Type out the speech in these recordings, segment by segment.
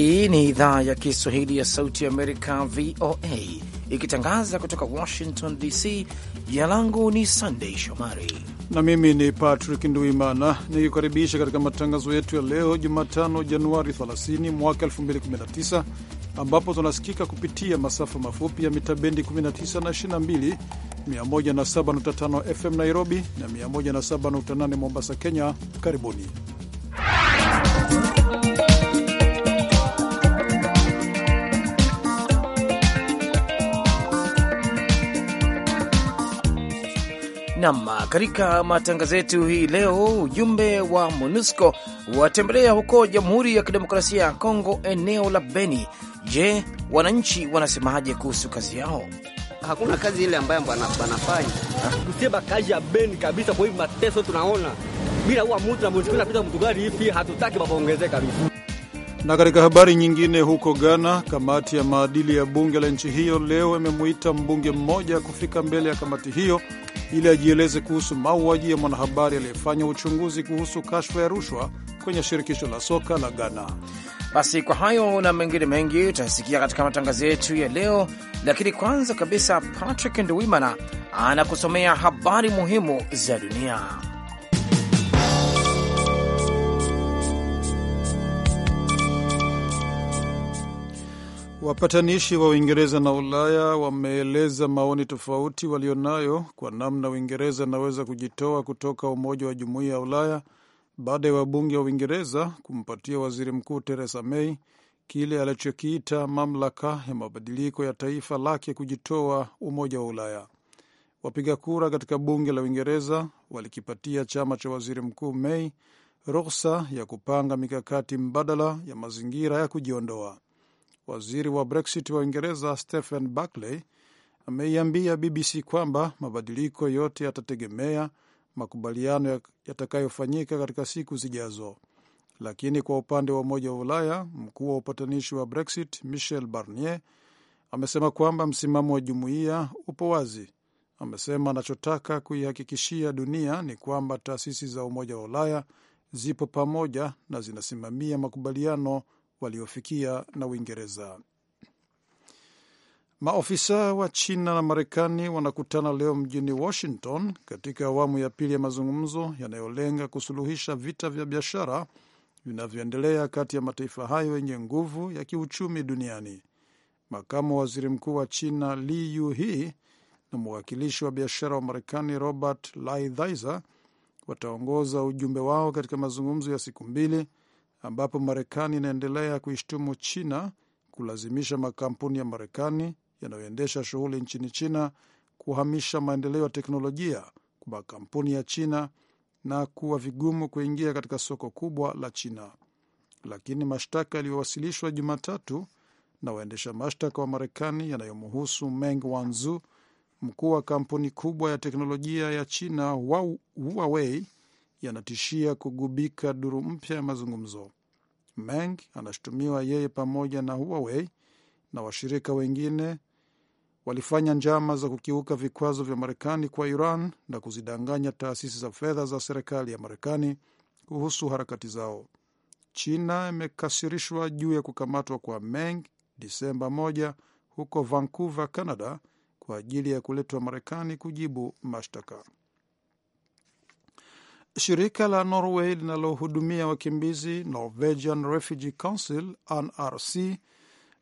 Hii ni idhaa ya Kiswahili ya Sauti ya Amerika, VOA, ikitangaza kutoka Washington DC. Jina langu ni Sandei Shomari na mimi ni Patrick Nduimana nikikukaribisha katika matangazo yetu ya leo Jumatano, Januari 30 mwaka 2019 ambapo tunasikika kupitia masafa mafupi ya mita bendi 19 na 22, 107.5 FM Nairobi na 107.8 Mombasa, Kenya. Karibuni Nam, katika matangazo yetu hii leo, ujumbe wa MONUSCO watembelea huko Jamhuri ya Kidemokrasia ya Kongo, eneo la Beni. Je, wananchi wanasemaje kuhusu kazi yao? Hakuna kazi ile ambayo wanafanya kusema kazi ya Beni kabisa. Kwa hivi mateso tunaona bila huwa mutu na mtu napita mtu gari hivi, hatutaki waongezee kabisa. Na katika habari nyingine, huko Ghana, kamati ya maadili ya bunge la nchi hiyo leo imemwita mbunge mmoja kufika mbele ya kamati hiyo ili ajieleze kuhusu mauaji ya mwanahabari aliyefanya uchunguzi kuhusu kashfa ya rushwa kwenye shirikisho la soka la Ghana. Basi kwa hayo na mengine mengi utasikia katika matangazo yetu ya leo, lakini kwanza kabisa Patrick Nduwimana anakusomea habari muhimu za dunia. Wapatanishi wa Uingereza na Ulaya wameeleza maoni tofauti walionayo kwa namna Uingereza inaweza kujitoa kutoka umoja wa jumuiya ya Ulaya baada ya wabunge wa Uingereza kumpatia waziri mkuu Theresa May kile alichokiita mamlaka ya mabadiliko ya taifa lake kujitoa umoja wa Ulaya. Wapiga kura katika bunge la Uingereza walikipatia chama cha waziri mkuu May ruhusa ya kupanga mikakati mbadala ya mazingira ya kujiondoa. Waziri wa Brexit wa Uingereza Stephen Buckley ameiambia BBC kwamba mabadiliko yote yatategemea makubaliano yatakayofanyika katika siku zijazo. Lakini kwa upande wa Umoja wa Ulaya, mkuu wa upatanishi wa Brexit Michel Barnier amesema kwamba msimamo wa jumuiya upo wazi. Amesema anachotaka kuihakikishia dunia ni kwamba taasisi za Umoja wa Ulaya zipo pamoja na zinasimamia makubaliano waliofikia na Uingereza. Maofisa wa China na Marekani wanakutana leo mjini Washington katika awamu ya pili ya mazungumzo yanayolenga kusuluhisha vita vya biashara vinavyoendelea kati ya mataifa hayo yenye nguvu ya kiuchumi duniani. Makamu wa waziri mkuu wa China Li Yuhi na mwakilishi wa biashara wa Marekani Robert Lighthizer wataongoza ujumbe wao katika mazungumzo ya siku mbili ambapo Marekani inaendelea kuishtumu China kulazimisha makampuni ya Marekani yanayoendesha shughuli nchini China kuhamisha maendeleo ya teknolojia kwa makampuni ya China na kuwa vigumu kuingia katika soko kubwa la China. Lakini mashtaka yaliyowasilishwa Jumatatu na waendesha mashtaka wa Marekani yanayomhusu Meng Wanzhou, mkuu wa kampuni kubwa ya teknolojia ya China Huawei, yanatishia kugubika duru mpya ya mazungumzo. Meng anashutumiwa yeye pamoja na Huawei na washirika wengine walifanya njama za kukiuka vikwazo vya Marekani kwa Iran na kuzidanganya taasisi za fedha za serikali ya Marekani kuhusu harakati zao. China imekasirishwa juu ya kukamatwa kwa Meng Disemba moja huko Vancouver, Canada, kwa ajili ya kuletwa Marekani kujibu mashtaka. Shirika la Norway linalohudumia wakimbizi Norwegian Refugee Council NRC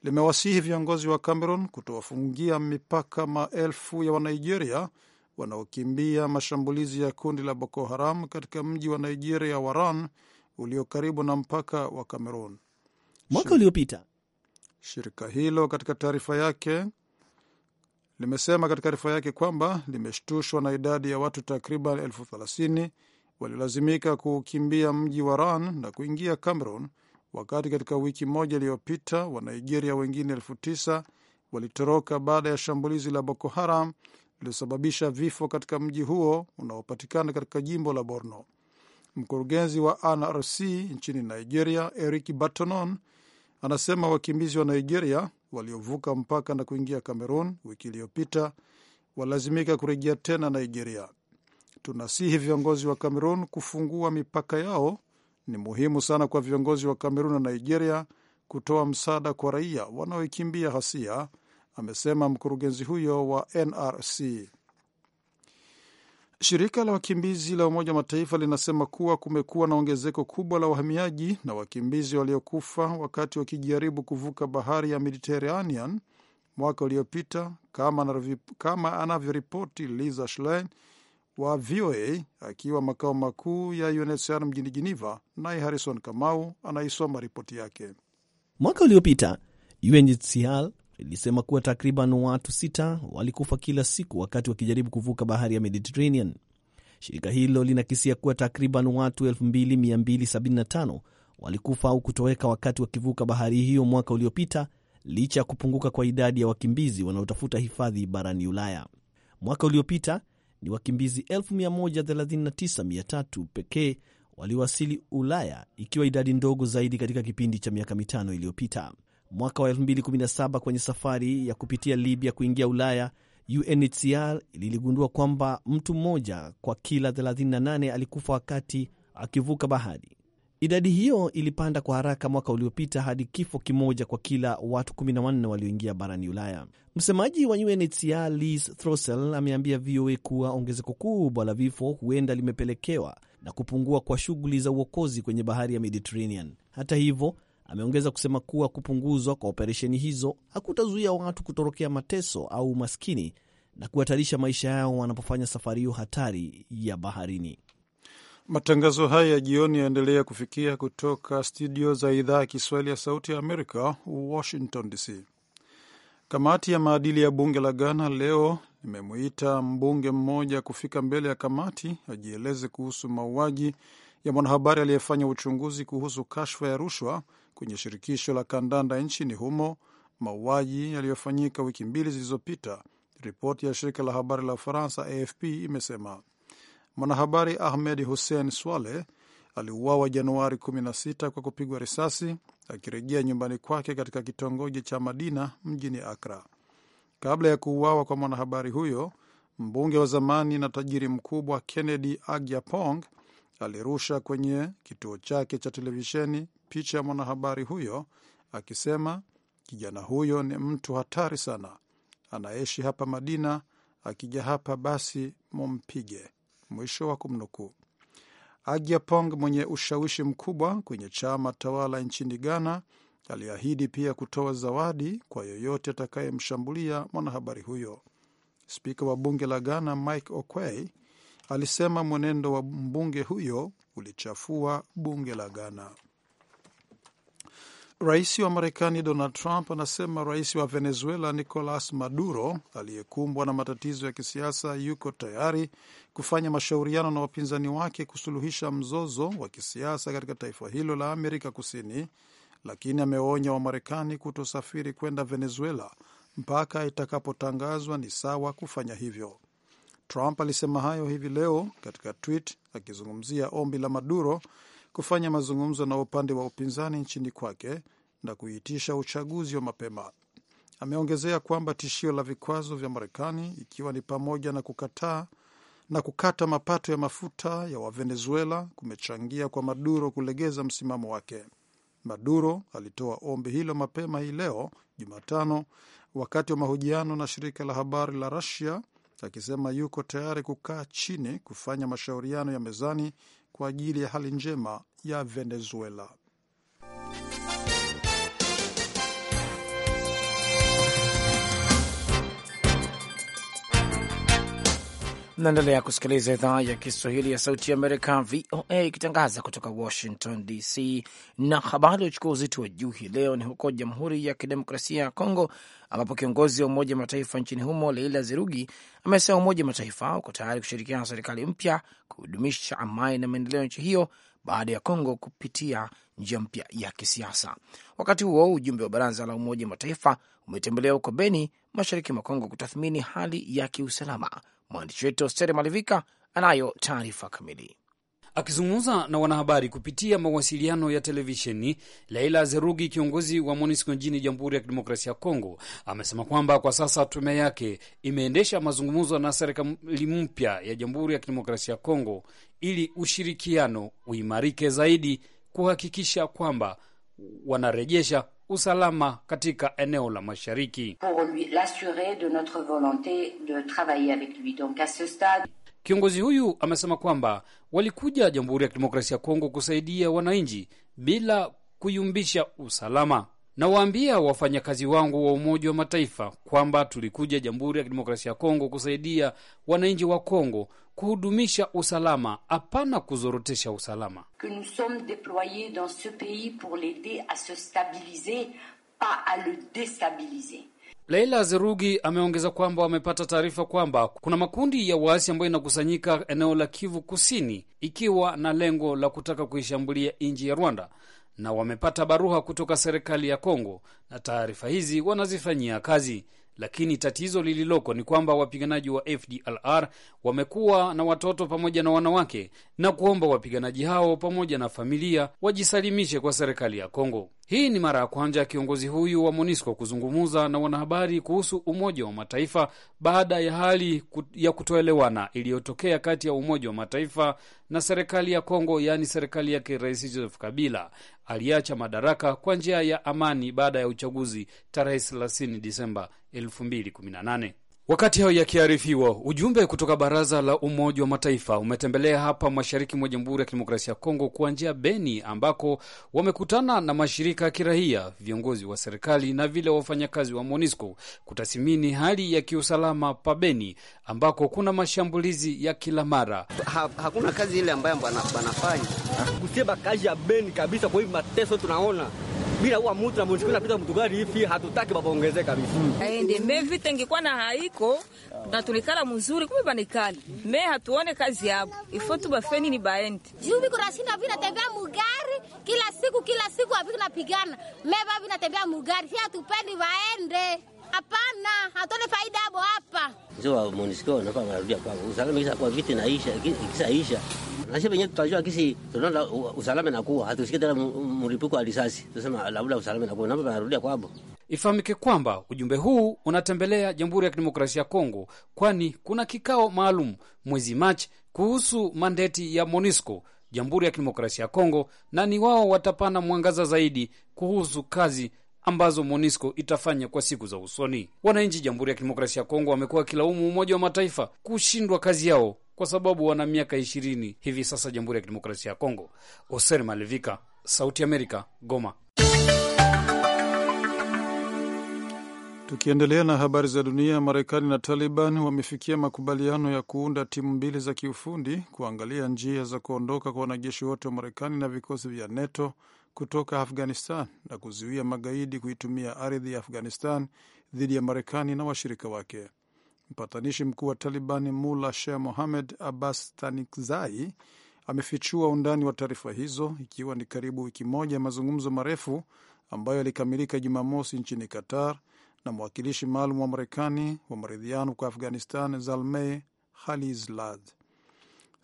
limewasihi viongozi wa Cameroon kutowafungia mipaka maelfu ya Wanigeria wanaokimbia mashambulizi ya kundi la Boko Haram katika mji wa Nigeria wa Ran ulio karibu na mpaka wa Cameroon mwaka uliopita. Shirika hilo katika taarifa yake limesema katika taarifa yake kwamba limeshtushwa na idadi ya watu takriban elfu thelathini walilazimika kukimbia mji wa Ran na kuingia Cameroon, wakati katika wiki moja iliyopita Wanigeria wengine elfu tisa walitoroka baada ya shambulizi la Boko Haram lililosababisha vifo katika mji huo unaopatikana katika jimbo la Borno. Mkurugenzi wa NRC nchini Nigeria, Eric Batonon, anasema wakimbizi wa Nigeria waliovuka mpaka na kuingia Cameroon wiki iliyopita walilazimika kurejea tena Nigeria tunasihi viongozi wa cameron kufungua mipaka yao. Ni muhimu sana kwa viongozi wa cameroon na Nigeria kutoa msaada kwa raia wanaoikimbia hasia amesema mkurugenzi huyo wa NRC. Shirika la wakimbizi la Umoja wa Mataifa linasema kuwa kumekuwa na ongezeko kubwa la wahamiaji na wakimbizi waliokufa wakati wakijaribu kuvuka bahari ya Mediterranean mwaka uliopita, kama anavyoripoti Liza Schlein, wa VOA akiwa makao makuu ya UNHCR mjini Geneva, naye Harrison Kamau anaisoma ripoti yake. Mwaka uliopita UNHCR ilisema kuwa takriban watu sita walikufa kila siku wakati wakijaribu kuvuka bahari ya Mediterranean. Shirika hilo linakisia kuwa takriban watu 2275 walikufa au kutoweka wakati wakivuka bahari hiyo mwaka uliopita, licha ya kupunguka kwa idadi ya wakimbizi wanaotafuta hifadhi barani Ulaya. Mwaka uliopita ni wakimbizi 139,300 pekee waliwasili Ulaya, ikiwa idadi ndogo zaidi katika kipindi cha miaka mitano iliyopita. Mwaka wa 2017 kwenye safari ya kupitia Libya kuingia Ulaya, UNHCR liligundua kwamba mtu mmoja kwa kila 38 alikufa wakati akivuka bahari. Idadi hiyo ilipanda kwa haraka mwaka uliopita hadi kifo kimoja kwa kila watu 14 walioingia barani Ulaya. Msemaji wa UNHCR Liz Throssell ameambia VOA kuwa ongezeko kubwa la vifo huenda limepelekewa na kupungua kwa shughuli za uokozi kwenye bahari ya Mediterranean. Hata hivyo, ameongeza kusema kuwa kupunguzwa kwa operesheni hizo hakutazuia watu kutorokea mateso au umaskini na kuhatarisha maisha yao wanapofanya safari hiyo hatari ya baharini. Matangazo haya ya jioni yaendelea kufikia kutoka studio za idhaa ya Kiswahili ya Sauti ya Amerika, Washington DC. Kamati ya maadili ya bunge la Ghana leo limemuita mbunge mmoja kufika mbele ya kamati ajieleze kuhusu mauaji ya mwanahabari aliyefanya uchunguzi kuhusu kashfa ya rushwa kwenye shirikisho la kandanda nchini humo, mauaji yaliyofanyika wiki mbili zilizopita, ripoti ya shirika la habari la Ufaransa AFP imesema. Mwanahabari Ahmed Hussein swale aliuawa Januari 16 kwa kupigwa risasi akirejea nyumbani kwake katika kitongoji cha Madina mjini Akra. Kabla ya kuuawa kwa mwanahabari huyo, mbunge wa zamani na tajiri mkubwa Kennedy Agyapong alirusha kwenye kituo chake cha televisheni picha ya mwanahabari huyo akisema, kijana huyo ni mtu hatari sana, anaishi hapa Madina, akija hapa basi mumpige. Mwisho wa kumnukuu. Agyapong mwenye ushawishi mkubwa kwenye chama tawala nchini Ghana aliahidi pia kutoa zawadi kwa yoyote atakayemshambulia mwanahabari huyo. Spika wa bunge la Ghana Mike oquay alisema mwenendo wa mbunge huyo ulichafua bunge la Ghana. Rais wa Marekani Donald Trump anasema rais wa Venezuela Nicolas Maduro aliyekumbwa na matatizo ya kisiasa yuko tayari kufanya mashauriano na wapinzani wake kusuluhisha mzozo wa kisiasa katika taifa hilo la Amerika Kusini, lakini amewaonya Wamarekani kutosafiri kwenda Venezuela mpaka itakapotangazwa ni sawa kufanya hivyo. Trump alisema hayo hivi leo katika tweet akizungumzia ombi la Maduro kufanya mazungumzo na upande wa upinzani nchini kwake na kuitisha uchaguzi wa mapema. Ameongezea kwamba tishio la vikwazo vya Marekani, ikiwa ni pamoja na kukataa na kukata mapato ya mafuta ya Wavenezuela, kumechangia kwa Maduro kulegeza msimamo wake. Maduro alitoa ombi hilo mapema hii leo Jumatano, wakati wa mahojiano na shirika la habari la rasia akisema yuko tayari kukaa chini kufanya mashauriano ya mezani kwa ajili ya hali njema ya Venezuela. Naendelea kusikiliza idhaa ya Kiswahili ya Sauti ya Amerika, VOA, ikitangaza kutoka Washington DC. Na habari uchukua uzito wa juu hii leo ni huko Jamhuri ya Kidemokrasia ya Kongo, ambapo kiongozi wa Umoja wa Mataifa nchini humo Leila Zerugi amesema Umoja wa Mataifa uko tayari kushirikiana na serikali mpya kudumisha amani na maendeleo ya nchi hiyo baada ya Kongo kupitia njia mpya ya kisiasa. Wakati huo ujumbe wa Baraza la Umoja wa Mataifa umetembelea huko Beni, mashariki mwa Kongo, kutathmini hali ya kiusalama. Mwandishi wetu Ostere Malivika anayo taarifa kamili. Akizungumza na wanahabari kupitia mawasiliano ya televisheni, Laila Zerugi, kiongozi wa MONUSCO nchini Jamhuri ya Kidemokrasia ya Kongo, amesema kwamba kwa sasa tume yake imeendesha mazungumzo na serikali mpya ya Jamhuri ya Kidemokrasia ya Kongo ili ushirikiano uimarike zaidi kuhakikisha kwamba wanarejesha usalama katika eneo la mashariki pour lui l'assurer de notre volonté de travailler avec lui donc a ce stade Kiongozi huyu amesema kwamba walikuja Jamhuri ya Kidemokrasia ya Kongo kusaidia wananchi bila kuyumbisha usalama. Nawaambia wafanyakazi wangu wa Umoja wa Mataifa kwamba tulikuja Jamhuri ya Kidemokrasia ya Kongo kusaidia wananchi wa Kongo kuhudumisha usalama, hapana kuzorotesha usalama. que nous sommes deployés dans ce pays pour l'aider à se stabiliser pas à le destabiliser. Leila Zerugi ameongeza kwamba wamepata taarifa kwamba kuna makundi ya waasi ambayo inakusanyika eneo la Kivu Kusini ikiwa na lengo la kutaka kuishambulia nchi ya Rwanda na wamepata barua kutoka serikali ya Kongo na taarifa hizi wanazifanyia kazi, lakini tatizo lililoko ni kwamba wapiganaji wa FDLR wamekuwa na watoto pamoja na wanawake na kuomba wapiganaji hao pamoja na familia wajisalimishe kwa serikali ya Kongo. Hii ni mara ya kwanza ya kiongozi huyu wa MONUSCO kuzungumza na wanahabari kuhusu Umoja wa Mataifa baada ya hali ya kutoelewana iliyotokea kati ya Umoja wa Mataifa na serikali ya Kongo, yaani serikali yake Rais Joseph Kabila aliacha madaraka kwa njia ya amani baada ya uchaguzi tarehe 30 Disemba 2018. Wakati hayo yakiarifiwa, ujumbe kutoka Baraza la Umoja wa Mataifa umetembelea hapa mashariki mwa Jamhuri ya Kidemokrasia ya Kongo njia Beni, ambako wamekutana na mashirika ya kiraia, viongozi wa serikali na vile wafanyakazi wa MONUSCO kutathimini hali ya kiusalama pa Beni, ambako kuna mashambulizi ya kila mara. Ha, hakuna kazi ile ambayo banafanya kusema kazi ya Beni kabisa. Kwa hivi mateso tunaona bila huwa mtu na mshikana pita mtu gari hivi hatutaki babaongezee kabisa. Aende mm. eh, me vita ingekuwa na haiko na tulikala mzuri kumbe banikali. Me hatuone kazi yabo. Ifo tu bafeni ni baende. Juu biko rasina vina tembea mugari kila siku kila siku abiko napigana. Me babi natembea mugari si tupendi baende. Hapana, hatuone faida hapo wazee wa MONUSCO wanakuwa wanarudia kwao. usalama kisha kwa vita inaisha, kisha isha na sisi wenyewe tutajua kisi tunaona usalama inakuwa, hatusikie tena mlipuko wa risasi, tunasema labda usalama inakuwa, napo wanarudia kwao. Ifahamike kwamba ujumbe huu unatembelea Jamhuri ya Kidemokrasia ya Kongo, kwani kuna kikao maalum mwezi Machi kuhusu mandeti ya MONUSCO Jamhuri ya Kidemokrasia ya Kongo, na ni wao watapana mwangaza zaidi kuhusu kazi ambazo MONUSCO itafanya kwa siku za usoni. Wananchi Jamhuri ya Kidemokrasia ya Kongo wamekuwa wakilaumu Umoja wa Mataifa kushindwa kazi yao kwa sababu wana miaka ishirini hivi sasa Jamhuri ya Kidemokrasia ya Kongo. Oser Malevika, Sauti Amerika, Goma. Tukiendelea na habari za dunia, Marekani na Taliban wamefikia makubaliano ya kuunda timu mbili za kiufundi kuangalia njia za kuondoka kwa wanajeshi wote wa Marekani na vikosi vya NATO kutoka Afghanistan na kuzuia magaidi kuitumia ardhi ya Afghanistan dhidi ya Marekani na washirika wake. Mpatanishi mkuu wa Taliban Mula Sheh Mohamed Abbas Tanikzai amefichua undani wa taarifa hizo ikiwa ni karibu wiki moja ya mazungumzo marefu ambayo yalikamilika Jumamosi nchini Qatar na mwakilishi maalum wa Marekani wa maridhiano kwa Afghanistan Zalmay Khalilzad.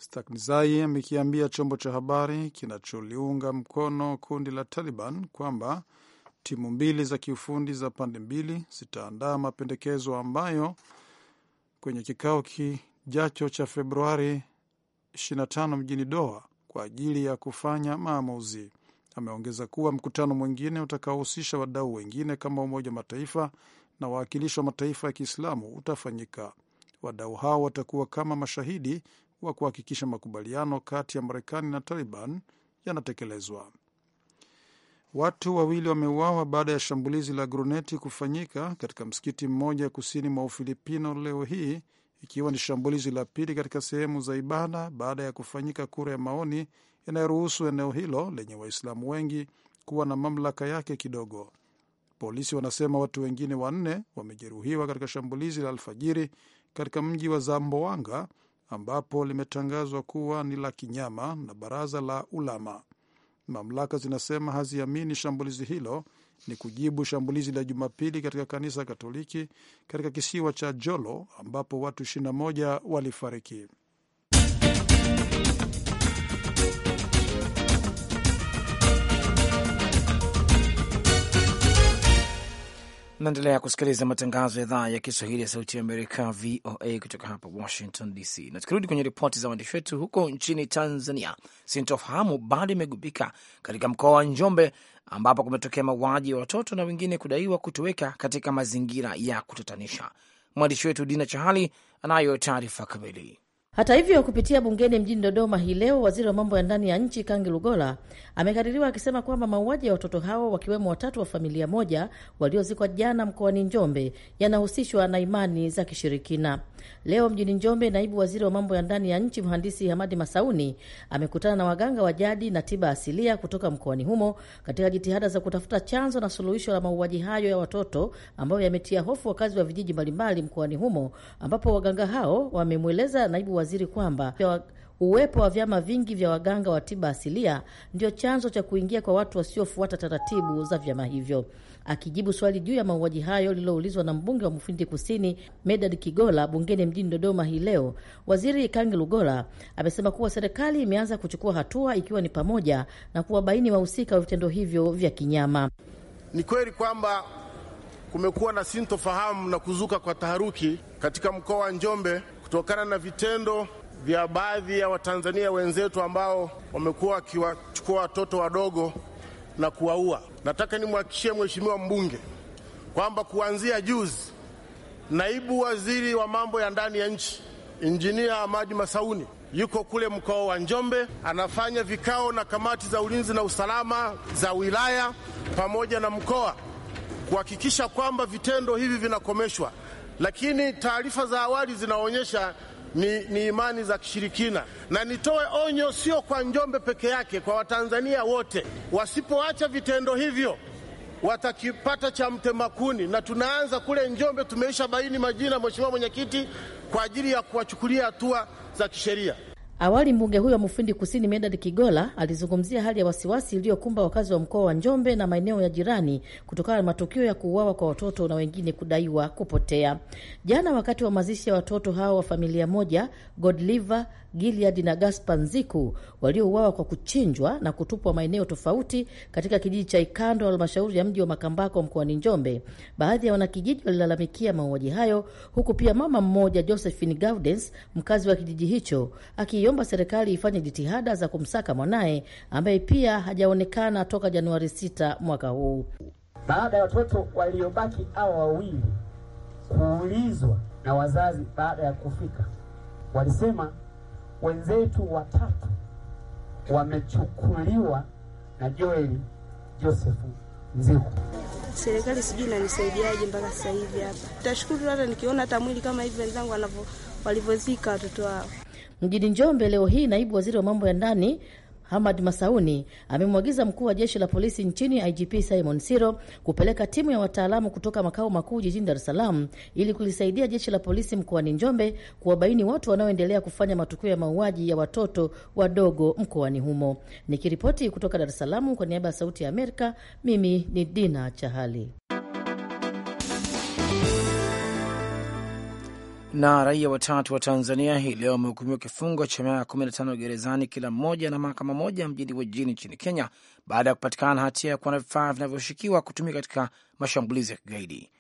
Staknizai amekiambia chombo cha habari kinacholiunga mkono kundi la Taliban kwamba timu mbili za kiufundi za pande mbili zitaandaa mapendekezo ambayo kwenye kikao kijacho cha Februari 25 mjini Doha kwa ajili ya kufanya maamuzi. Ameongeza kuwa mkutano mwingine utakaohusisha wadau wengine kama Umoja wa Mataifa na wawakilishi wa mataifa ya Kiislamu utafanyika. Wadau hao watakuwa kama mashahidi wa kuhakikisha makubaliano kati ya Marekani na Taliban yanatekelezwa. Watu wawili wameuawa baada ya shambulizi la gruneti kufanyika katika msikiti mmoja kusini mwa Ufilipino leo hii, ikiwa ni shambulizi la pili katika sehemu za ibada baada ya kufanyika kura ya maoni inayoruhusu eneo hilo lenye Waislamu wengi kuwa na mamlaka yake kidogo. Polisi wanasema watu wengine wanne wamejeruhiwa katika shambulizi la alfajiri katika mji wa Zamboanga ambapo limetangazwa kuwa ni la kinyama na baraza la ulama. Mamlaka zinasema haziamini shambulizi hilo ni kujibu shambulizi la Jumapili katika kanisa Katoliki katika kisiwa cha Jolo ambapo watu 21 walifariki. Naendelea kusikiliza matangazo ya idhaa ya Kiswahili ya Sauti ya Amerika, VOA, kutoka hapa Washington DC. Na tukirudi kwenye ripoti za waandishi wetu huko nchini Tanzania, sintofahamu bado imegubika katika mkoa wa Njombe ambapo kumetokea mauaji ya watoto na wengine kudaiwa kutoweka katika mazingira ya kutatanisha. Mwandishi wetu Dina Chahali anayo taarifa kamili. Hata hivyo, kupitia bungeni mjini Dodoma hii leo, waziri wa mambo ya ndani ya nchi Kangi Lugola amekaririwa akisema kwamba mauaji ya watoto hao wakiwemo watatu wa familia moja waliozikwa jana mkoani Njombe yanahusishwa na imani za kishirikina. Leo mjini Njombe, naibu waziri wa mambo ya ndani ya nchi mhandisi Hamadi Masauni amekutana na waganga wa jadi na tiba asilia kutoka mkoani humo katika jitihada za kutafuta chanzo na suluhisho la mauaji hayo ya watoto ambayo yametia hofu wakazi wa vijiji mbalimbali mkoani humo, ambapo waganga hao wamemweleza naibu waziri kwamba Uwepo wa vyama vingi vya waganga wa tiba asilia ndio chanzo cha kuingia kwa watu wasiofuata taratibu za vyama hivyo. Akijibu swali juu ya mauaji hayo lililoulizwa na mbunge wa Mufindi Kusini Medad Kigola bungeni mjini Dodoma hii leo, Waziri Kangi Lugola amesema kuwa serikali imeanza kuchukua hatua ikiwa ni pamoja na kuwabaini wahusika wa vitendo hivyo vya kinyama. Ni kweli kwamba kumekuwa na sintofahamu na kuzuka kwa taharuki katika mkoa wa Njombe kutokana na vitendo vya baadhi ya Watanzania wenzetu ambao wamekuwa wakiwachukua watoto wadogo na kuwaua. Nataka nimwhakikishie mheshimiwa mbunge kwamba kuanzia juzi, naibu waziri wa mambo ya ndani ya nchi Injinia Amaji Masauni yuko kule mkoa wa Njombe anafanya vikao na kamati za ulinzi na usalama za wilaya pamoja na mkoa kuhakikisha kwamba vitendo hivi vinakomeshwa, lakini taarifa za awali zinaonyesha ni, ni imani za kishirikina. Na nitoe onyo, sio kwa Njombe peke yake, kwa Watanzania wote, wasipoacha vitendo hivyo watakipata cha mtemakuni. Na tunaanza kule Njombe, tumeisha baini majina, Mheshimiwa Mwenyekiti, kwa ajili ya kuwachukulia hatua za kisheria. Awali mbunge huyo wa Mufindi Kusini Medad Kigola alizungumzia hali ya wasiwasi iliyokumba wakazi wa mkoa wa Njombe na maeneo ya jirani kutokana na matukio ya kuuawa kwa watoto na wengine kudaiwa kupotea. Jana wakati wa mazishi ya watoto hao wa familia moja Godliver Gilead na Gaspar Nziku waliouawa kwa kuchinjwa na kutupwa maeneo tofauti katika kijiji cha Ikando halmashauri ya mji wa Makambako mkoani Njombe. Baadhi ya wanakijiji walilalamikia mauaji hayo, huku pia mama mmoja Josephine Gaudens, mkazi wa kijiji hicho, akiiomba serikali ifanye jitihada za kumsaka mwanaye ambaye pia hajaonekana toka Januari 6 mwaka huu. Baada ya watoto waliobaki hawa wawili kuulizwa na wazazi baada ya kufika, walisema wenzetu watatu wamechukuliwa na Joel Joseph Mziu. Serikali sijui inanisaidiaje mpaka sasa hivi hapa. Tutashukuru hata nikiona hata mwili kama hivi wenzangu walivyozika watoto wao. Mjini Njombe leo hii, naibu waziri wa mambo ya ndani Hamad Masauni amemwagiza mkuu wa jeshi la polisi nchini IGP Simon Siro kupeleka timu ya wataalamu kutoka makao makuu jijini Dar es Salaam ili kulisaidia jeshi la polisi mkoani Njombe kuwabaini watu wanaoendelea kufanya matukio ya mauaji ya watoto wadogo mkoani humo. Nikiripoti kutoka Dar es Salaam kwa niaba ya Sauti ya Amerika, mimi ni Dina Chahali. Na raia watatu wa Tanzania hii leo wamehukumiwa kifungo cha miaka 15 gerezani kila mmoja na mahakama moja mjini Wajir nchini Kenya baada ya kupatikana hatia ya kuwa na vifaa vinavyoshukiwa kutumika katika mashambulizi ya kigaidi.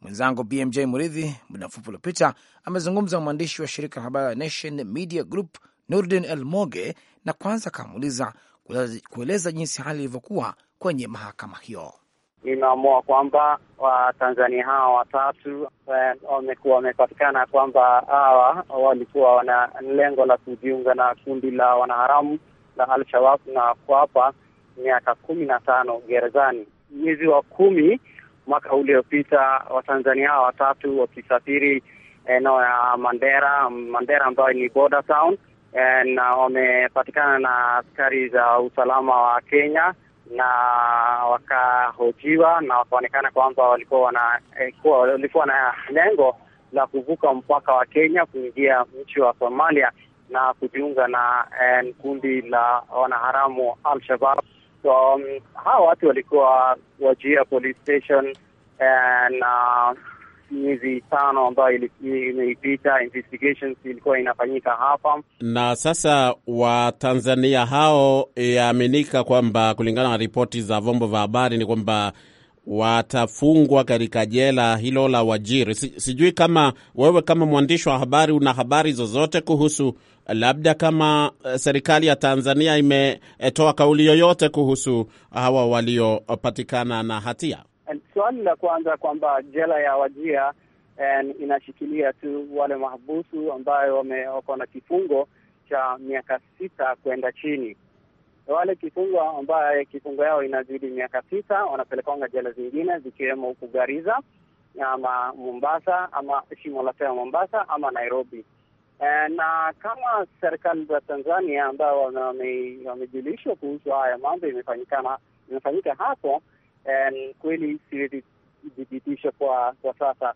Mwenzangu BMJ Muridhi muda mfupi uliopita amezungumza na mwandishi wa shirika la habari la Nation Media Group Nurdin El Moge, na kwanza akamuuliza kueleza jinsi hali ilivyokuwa kwenye mahakama hiyo nimeamua kwamba Watanzania hawa watatu eh, wamekuwa wamepatikana kwamba hawa walikuwa wana lengo la kujiunga na kundi la wanaharamu la al na kuwapa miaka kumi na tano gerezani. Mwezi wa kumi mwaka uliopita Watanzania hawa watatu wakisafiri eh, eneo ya Mandera, Mandera ambayo ni border town, eh, na wamepatikana na askari za usalama wa Kenya na wakahojiwa na wakaonekana kwamba walikuwa wana eh, walikuwa na lengo la kuvuka mpaka wa Kenya kuingia nchi wa Somalia na kujiunga na eh, kundi la wanaharamu Al-Shabab. So, um, hawa watu walikuwa wajia police station eh, na miezi tano ambayo imeipita, investigations ilikuwa inafanyika hapa. Na sasa Watanzania hao yaaminika kwamba kulingana na ripoti za vyombo vya habari ni kwamba watafungwa katika jela hilo la Wajiri. Si, sijui kama wewe kama mwandishi wa habari una habari zozote kuhusu labda kama eh, serikali ya Tanzania imetoa kauli yoyote kuhusu hawa waliopatikana na hatia. Swali la kwanza kwamba jela ya Wajia eh, inashikilia tu wale mahabusu ambayo wako na kifungo cha miaka sita kwenda chini. Wale kifungo ambaye kifungo yao inazidi miaka sita wanapelekwanga jela zingine zikiwemo huku Gariza ama Mombasa ama shimo la tewa Mombasa ama Nairobi. Eh, na kama serikali za Tanzania ambayo wamejulishwa kuhusu haya mambo imefanyika hapo um, kweli siwezi thibitisha kwa, kwa sasa.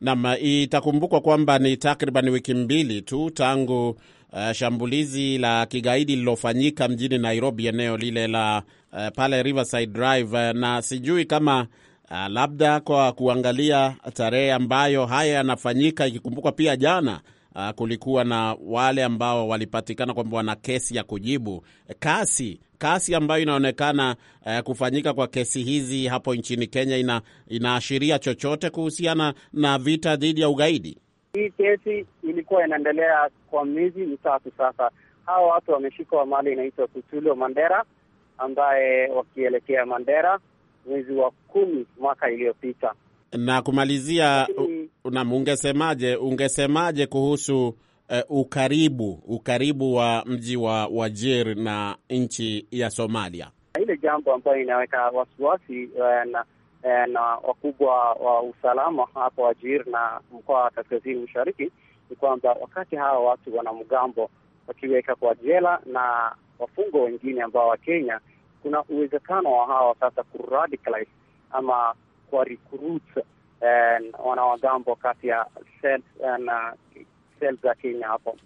Naam, itakumbukwa kwamba ni takriban wiki mbili tu tangu uh, shambulizi la kigaidi lilofanyika mjini Nairobi, eneo lile la uh, pale Riverside Drive uh, na sijui kama uh, labda kwa kuangalia tarehe ambayo haya yanafanyika, ikikumbukwa pia jana uh, kulikuwa na wale ambao walipatikana kwamba wana kesi ya kujibu. Kasi kasi ambayo inaonekana uh, kufanyika kwa kesi hizi hapo nchini Kenya ina, inaashiria chochote kuhusiana na vita dhidi ya ugaidi? Hii kesi ilikuwa inaendelea kwa miezi mitatu sasa. Hawa watu wameshikwa mali inaitwa Kutulo Mandera, ambaye wakielekea Mandera mwezi wa kumi mwaka iliyopita na kumalizia mm. na ungesemaje, ungesemaje kuhusu uh, ukaribu ukaribu wa mji wa Wajir na nchi ya Somalia? Ile jambo ambayo inaweka wasiwasi eh, na eh, na wakubwa wa usalama hapa Wajir na mkoa wa kaskazini mashariki ni kwamba wakati hawa watu wana mgambo wakiweka kwa jela na wafungwa wengine ambao wa Kenya, kuna uwezekano wa hawa sasa kuradicalize ama kwa recruit wanawagambo kati ya sel na uh, sel za Kenya hapo.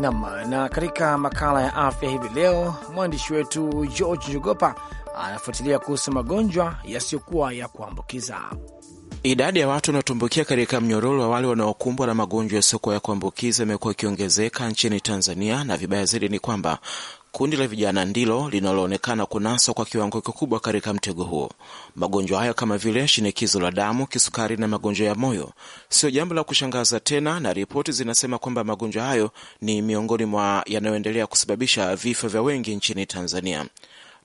Nam. Na katika makala ya afya hivi leo, mwandishi wetu George Njogopa anafuatilia kuhusu magonjwa yasiyokuwa ya kuambukiza. Idadi ya watu wanaotumbukia katika mnyororo wa wale wanaokumbwa na magonjwa yasiyokuwa ya kuambukiza imekuwa ikiongezeka nchini Tanzania, na vibaya zaidi ni kwamba kundi la vijana ndilo linaloonekana kunaswa kwa kiwango kikubwa katika mtego huo. Magonjwa hayo kama vile shinikizo la damu, kisukari na magonjwa ya moyo sio jambo la kushangaza tena, na ripoti zinasema kwamba magonjwa hayo ni miongoni mwa yanayoendelea kusababisha vifo vya wengi nchini Tanzania.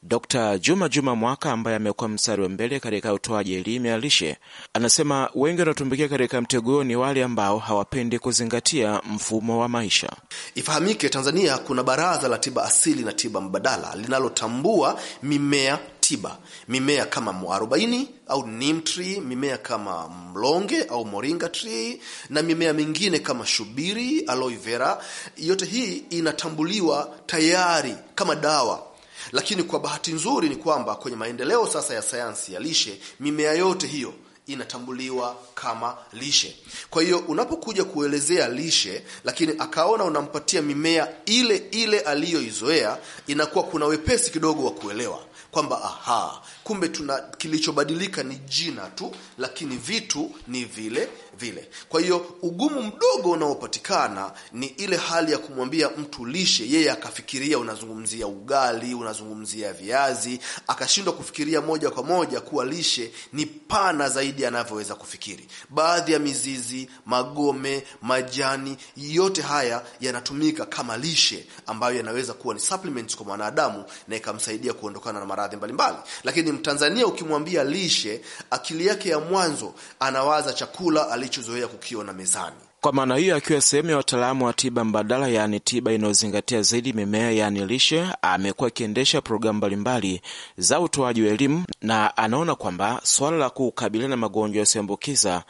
Dr. Juma Juma Mwaka ambaye amekuwa mstari wa mbele katika utoaji elimu ya lishe anasema wengi wanaotumbukia katika mteguo ni wale ambao hawapendi kuzingatia mfumo wa maisha. Ifahamike, Tanzania kuna Baraza la Tiba Asili na Tiba Mbadala linalotambua mimea tiba, mimea kama mwarobaini au neem tree, mimea kama mlonge au moringa tree na mimea mingine kama shubiri, aloe vera. Yote hii inatambuliwa tayari kama dawa lakini kwa bahati nzuri ni kwamba kwenye maendeleo sasa ya sayansi ya lishe, mimea yote hiyo inatambuliwa kama lishe. Kwa hiyo unapokuja kuelezea lishe, lakini akaona unampatia mimea ile ile aliyoizoea, inakuwa kuna wepesi kidogo wa kuelewa kwamba aha, kumbe tuna kilichobadilika ni jina tu, lakini vitu ni vile vile. Kwa hiyo ugumu mdogo unaopatikana ni ile hali ya kumwambia mtu lishe, yeye akafikiria unazungumzia ugali, unazungumzia viazi, akashindwa kufikiria moja kwa moja kuwa lishe ni pana zaidi zaidi anavyoweza kufikiri. Baadhi ya mizizi, magome, majani, yote haya yanatumika kama lishe ambayo yanaweza kuwa ni supplements kwa mwanadamu na ikamsaidia kuondokana na maradhi mbalimbali. Lakini Mtanzania ukimwambia lishe, akili yake ya mwanzo anawaza chakula alichozoea kukiona mezani. Kwa maana hiyo, akiwa sehemu ya wataalamu wa tiba mbadala, yaani tiba inayozingatia zaidi mimea, yaani lishe, amekuwa akiendesha programu mbalimbali za utoaji wa elimu na anaona kwamba swala la kukabiliana na magonjwa yasiyoambukiza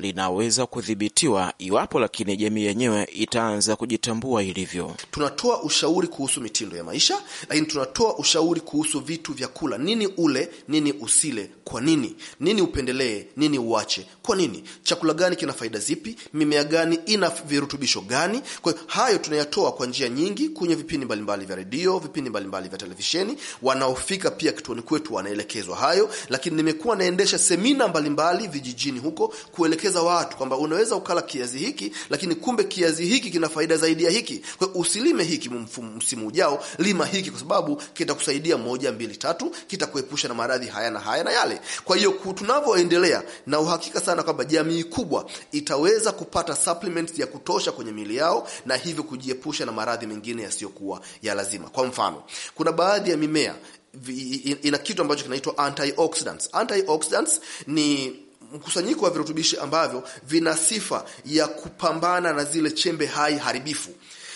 linaweza kudhibitiwa iwapo lakini jamii yenyewe itaanza kujitambua ilivyo. Tunatoa ushauri kuhusu mitindo ya maisha, lakini tunatoa ushauri kuhusu vitu vya kula, nini ule, nini usile, kwa nini, nini upendelee, nini uache, kwa nini, chakula gani kina faida zipi, mimea gani ina virutubisho gani. Kwa hiyo hayo tunayatoa kwa njia nyingi kwenye vipindi mbalimbali vya redio, vipindi mbalimbali vya televisheni. Wanaofika pia kituoni kwetu wanaelekezwa hayo, lakini nimekuwa naendesha semina mbalimbali vijijini huko kuelekeza kuelekeza watu kwamba unaweza ukala kiazi hiki, lakini kumbe kiazi hiki kina faida zaidi ya hiki. Kwa hiyo usilime hiki msimu ujao, lima hiki kwa sababu kitakusaidia moja, mbili, tatu, kitakuepusha na maradhi haya na haya na yale. Kwa hiyo tunavyoendelea, na uhakika sana kwamba jamii kubwa itaweza kupata supplements ya kutosha kwenye miili yao na hivyo kujiepusha na maradhi mengine yasiyokuwa ya lazima. Kwa mfano, kuna baadhi ya mimea ina kitu ambacho kinaitwa antioxidants. Antioxidants ni mkusanyiko wa virutubishi ambavyo vina sifa ya kupambana na zile chembe hai haribifu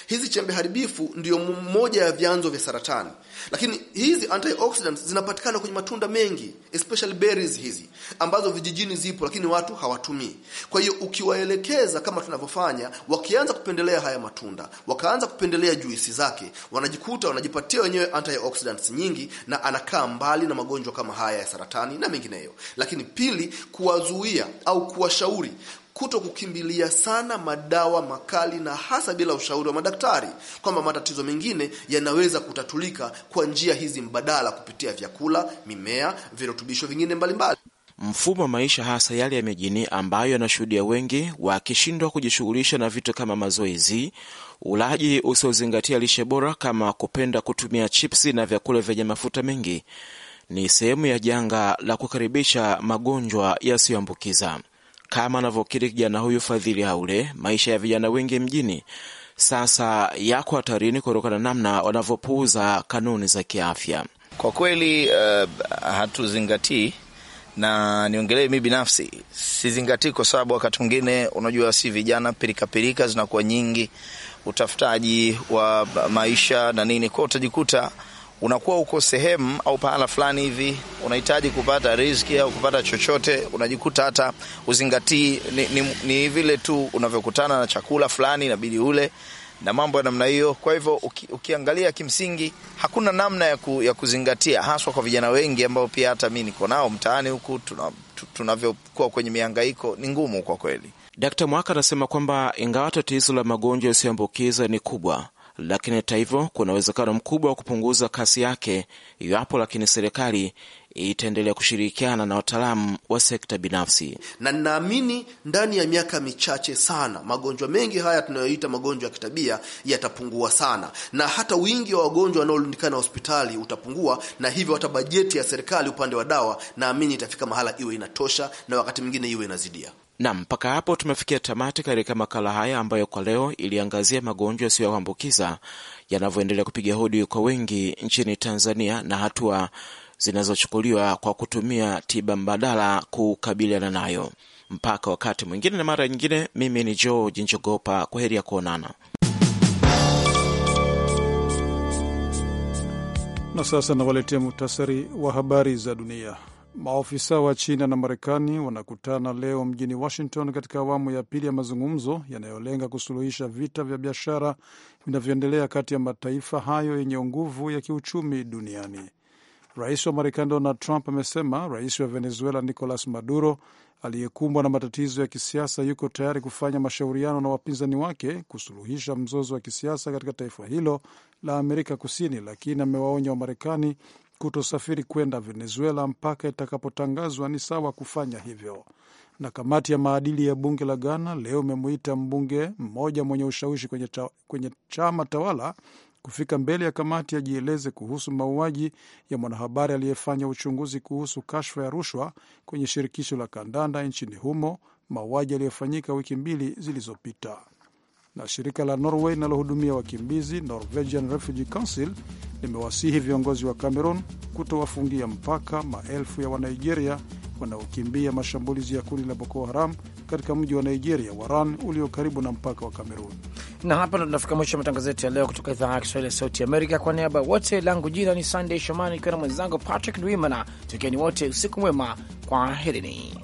Hizi chembe haribifu ndiyo moja ya vyanzo vya saratani. Lakini hizi antioxidants zinapatikana kwenye matunda mengi, especially berries hizi ambazo vijijini zipo lakini watu hawatumii. Kwa hiyo ukiwaelekeza kama tunavyofanya, wakianza kupendelea haya matunda, wakaanza kupendelea juisi zake, wanajikuta wanajipatia wenyewe antioxidants nyingi na anakaa mbali na magonjwa kama haya ya saratani na mengineyo. Lakini pili, kuwazuia au kuwashauri kuto kukimbilia sana madawa makali na hasa bila ushauri wa madaktari, kwamba matatizo mengine yanaweza kutatulika kwa njia hizi mbadala kupitia vyakula, mimea, virutubisho vingine mbalimbali mbali. Mfumo wa maisha hasa yale ya mijini ambayo yanashuhudia wengi wakishindwa kujishughulisha na vitu kama mazoezi, ulaji usiozingatia lishe bora kama kupenda kutumia chipsi na vyakula vyenye mafuta mengi, ni sehemu ya janga la kukaribisha magonjwa yasiyoambukiza. Kama anavyokiri kijana huyu Fadhili Haule, maisha ya vijana wengi mjini sasa yako hatarini kutokana namna wanavyopuuza kanuni za kiafya. Kwa kweli uh, hatuzingatii na niongelee mi binafsi sizingatii, kwa sababu wakati mwingine unajua, si vijana, pirikapirika zinakuwa nyingi, utafutaji wa maisha na nini, kwa utajikuta unakuwa uko sehemu au pahala fulani hivi, unahitaji kupata riziki au kupata chochote, unajikuta hata uzingatii ni, ni, ni vile tu unavyokutana na chakula fulani inabidi ule na mambo ya namna hiyo. Kwa hivyo uki, ukiangalia kimsingi hakuna namna ya, ku, ya kuzingatia haswa kwa vijana wengi ambao pia hata mi niko nao mtaani huku tunavyokuwa kwenye mihangaiko ni ngumu kwa kweli. Dkt. Mwaka anasema kwamba ingawa tatizo la magonjwa yasiyoambukiza ni kubwa lakini hata hivyo kuna uwezekano mkubwa wa kupunguza kasi yake iwapo lakini serikali itaendelea kushirikiana na wataalamu wa sekta binafsi, na ninaamini ndani ya miaka michache sana magonjwa mengi haya tunayoita magonjwa ya kitabia yatapungua sana, na hata wingi wa wagonjwa wanaolundikana hospitali utapungua, na hivyo hata bajeti ya serikali upande wa dawa naamini itafika mahala iwe inatosha, na wakati mwingine iwe inazidia. Na mpaka hapo tumefikia tamati katika makala haya ambayo kwa leo iliangazia magonjwa yasiyoambukiza yanavyoendelea kupiga hodi kwa wengi nchini Tanzania na hatua zinazochukuliwa kwa kutumia tiba mbadala kukabiliana nayo. Mpaka wakati mwingine na mara nyingine, mimi ni George Njogopa, kwa heri ya kuonana. Na sasa nawaletea muhtasari wa habari za dunia. Maofisa wa China na Marekani wanakutana leo mjini Washington katika awamu ya pili ya mazungumzo yanayolenga kusuluhisha vita vya biashara vinavyoendelea kati ya mataifa hayo yenye nguvu ya kiuchumi duniani. Rais wa Marekani Donald Trump amesema rais wa Venezuela Nicolas Maduro aliyekumbwa na matatizo ya kisiasa yuko tayari kufanya mashauriano na wapinzani wake kusuluhisha mzozo wa kisiasa katika taifa hilo la Amerika Kusini, lakini amewaonya Wamarekani kutosafiri kwenda Venezuela mpaka itakapotangazwa ni sawa kufanya hivyo. Na kamati ya maadili ya bunge la Ghana leo imemuita mbunge mmoja mwenye ushawishi kwenye, cha, kwenye chama tawala kufika mbele ya kamati ajieleze kuhusu mauaji ya mwanahabari aliyefanya uchunguzi kuhusu kashfa ya rushwa kwenye shirikisho la kandanda nchini humo, mauaji yaliyofanyika wiki mbili zilizopita na shirika la Norway linalohudumia wakimbizi Norwegian Refugee Council limewasihi viongozi wa Cameroon kutowafungia mpaka maelfu ya Wanigeria wanaokimbia mashambulizi ya kundi la Boko Haram katika mji wa Nigeria wa Ran ulio karibu na mpaka wa Cameroon. Na hapa ndo tunafika mwisho matangazo yetu ya leo kutoka idhaa ya Kiswahili ya Sauti Amerika. Kwa niaba ya wote, langu jina ni sandey Shomani ikiwa na mwenzangu Patrick Ndwimana, tukieni wote usiku mwema, kwaherini.